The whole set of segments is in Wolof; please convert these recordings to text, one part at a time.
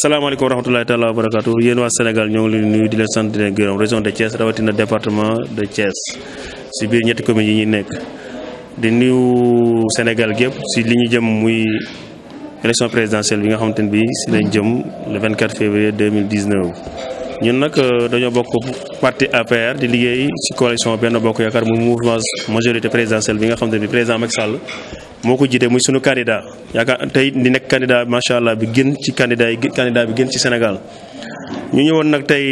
asalaamaaleykum wa rahmatulahi taala wa barakaatu yéen waa Sénégal ñoo ngi leen nuyu di leen sant di leen gërëm région de Thiès rawatina département de Thiès si biir ñetti communes yi ñuy nekk di nuyu Sénégal gépp si li ñu jëm muy élection présidentielle bi nga xamante ne bii si lañ jëm le 24 février 2019. ñun nag euh, dañoo bokk parti APR di liggéey si coalition Benno Bokk Yaakaar muy mouvement majorité présidentielle bi nga xam ne bii président Macky Sall. moo ko jiite muy sunu candidat yaakaar tey di nekk candidat macha allah bi gën ci candidat yi candidat bi gën ci Sénégal. ñu ñëwoon nag tey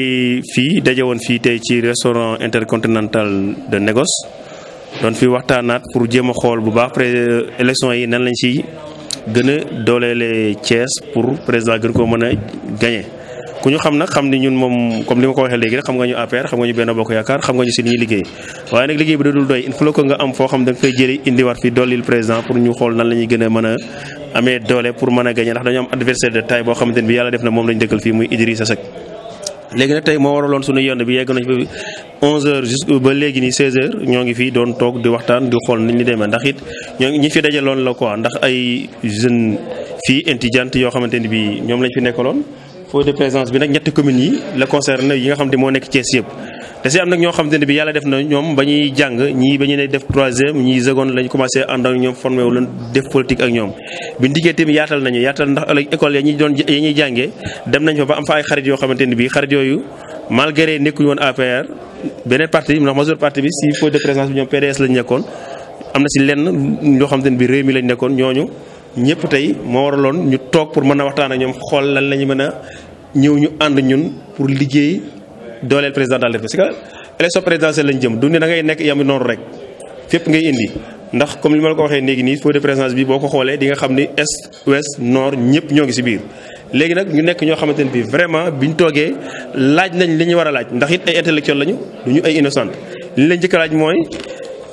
fii daje woon fii tey ci restaurant intercontinental de négoce doon fi waxtaanaat pour jéem a xool bu baax après élection yi nan lañ ci gën a dooleele Thiès pour président gën ko mën a gagné. ku ñu xam na xam ni ñun moom comme li ma ko waxee léegi rek xam nga ñu APR xam nga ñu si ñuy liggéey waaye nag liggéey bi da dul doy il faut que nga am foo xam da nga koy jëli indiwaat fi dollil président pour ñu xool nan gën a mën a amee doole pour mën a gagné ndax dañu am adversaire de taille boo xamante bi yàlla def na moom lañ dëkkal fii muy Idrissa Seck léegi nag tey moo waraloon suñu yoon bi fi 11h jusqu' ba léegi nii 16h ñoo ngi fi doon toog di waxtaan di xool ni ñu demee ndax it ñoo ngi ñi fi dajaloon la quoi fii intelligente yoo xamante ni bi ñoom lañ fi nekkaloon faux de présence bi nag ñetti communes yi la concerne yi nga xam ne moo nekk Thiès yëpp te si am nag ñoo xam ne bi yàlla def na ñoom ba ñuy jàng ñii ba ñu ne def troisième ñii seconde lañ commencé ànd ñoom formé wu def politique ak ñoom bi ndiggee tamit yaatal nañu yaatal ndax ëllëg ya ñuy doon ya ñuy jàngee dem nañ fa ba am fa ay xarit yoo xamante ne bii xarit yooyu malgré nekkuñu woon APR beneen parti bi ndax majeure parti bi si faux de présence ñëpp tey moo waraloon ñu toog pour mën a waxtaan ak ñoom xool lan mën a ñëw ñu ànd ñun pour liggéey dooleel président de la République parce que lañ jëm du ne da nekk yam nooru rek fépp ngay indi ndax comme li ma la ko waxee léegi nii feuille de présence bi boo ko xoolee di nga xam ni est ouest noor ñëpp ñoo ngi si biir. léegi nag ñu nekk ñoo xamante ne bii vraiment ñu toogee laaj nañ li ñu war a laaj ndax it ay intellectuel lañu du ñu ay innocent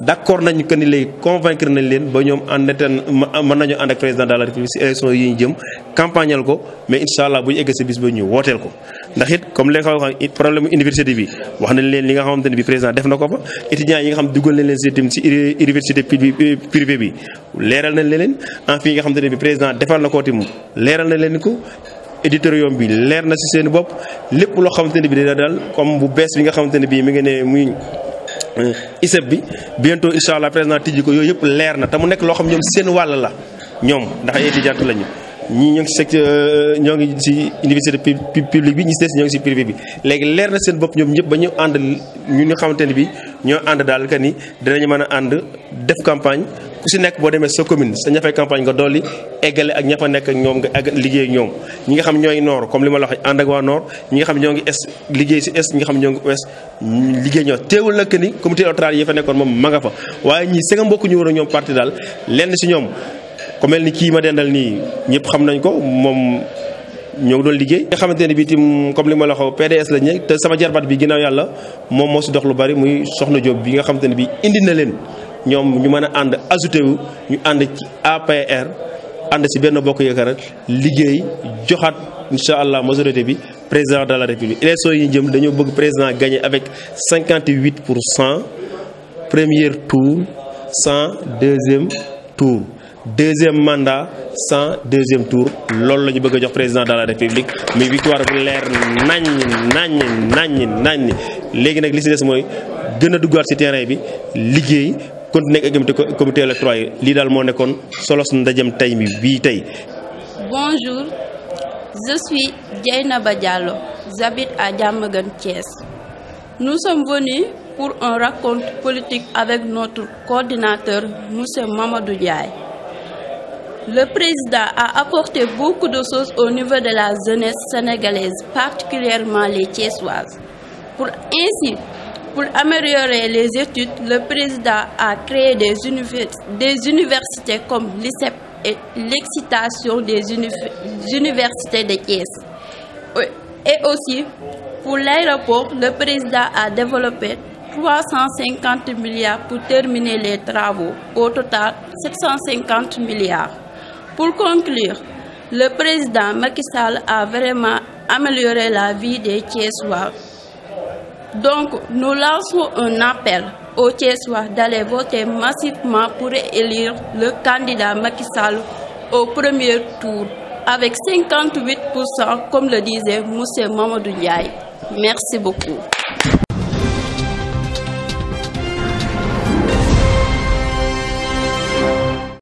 d' accord nañu que ni léegi convaincre nañ leen ba ñoom en interne mën nañu ànd ak président de la république élection yi ñu jëm campagnal ko mais incha allah bu ñu eggee si bis ba ñu wooteel ko. ndax it comme li nga xam bi wax nañ leen li nga xamante ne bi président na ko fa étudiants yi nga xam dugal nañ leen si itam si université privée bi leeral ne bi président defal na ko itam leeral nañ leen ko. éditorium bi leer na si seen bopp lépp loo xamante ne bi dina daal comme bu bees bi nga xamante ne bii mi ngi ne muy ISEP bi bientôt insha allah président tidji ko yoyep leer na tamu nek lo xam ñom seen wall la ñom ndax yeeti jatt lañu ñi ñu ngi ci euh, ci université publique bi ñi dess ñoo ngi ci privé bi légui leer na seen bop ñom ñep bañu and ñu ñu xamanteni bi ñoo and dal kan ni dinañu mëna and def campagne ku si nekk boo demee sa commune sa ña fay campagne nga dolli eggale ak ña fa nekk ak ñoom nga egg liggéey ak ñoom ñi nga xam ñooy noor comme li ma la wax ànd ak waa noor ñi nga xam ñoo xam ñoo ngi ouest liggéey ñoo teewul nag ni comité électoral yi fa nekkoon moom ma nga fa waaye ñi mbokk ñu war a parti daal lenn si ñoom ku mel kii ma dendal nii ñëpp xam nañ ko moom ñoo ngi doon liggéey nga xamante ne bii tim comme li ma la xaw PDS la ñëw te sama jarbat bi ginnaaw yàlla moom moo si dox lu bari muy soxna Diop bi nga xamante ne bi indi na leen ñom ñu mëna a ànd ajouté wu ñu ànd ci APR and ci benn bokk yaakaar liggéey joxat incha majorité bi président de la république élection yi jëm dañu bëgg président gagner avec 58 premier tour 100 deuxième tour deuxième mandat 100 deuxième tour loolu lañu bëgg jox président de la république mais victoire bu leer nañ nañ nañ nañ légui nak li ci dess moy gëna a ci terrain bi liggéey continuer comité électoral tay mi bi tay bonjour je suis Dieynaba Diallo j'habite à Diamaguène Thiès nous sommes venus pour un raconte politique avec notre coordinateur monsieur Mamadou diaye Le président a apporté beaucoup de choses au niveau de la jeunesse sénégalaise, particulièrement les Thiessoises, pour ainsi pour améliorer les études, le président a créé des, universités comme l'ICEP et l'excitation des universités de Kies. Et aussi, pour l'aéroport, le président a développé 350 milliards pour terminer les travaux, au total 750 milliards. Pour conclure, le président Macky Sall a vraiment amélioré la vie des Thiessois donc, nous lançons un appel au Tchessois d'aller voter massivement pour élire le candidat Macky Sall au premier tour avec 58% comme le disait M. Mamadou Ndiaye. Merci beaucoup.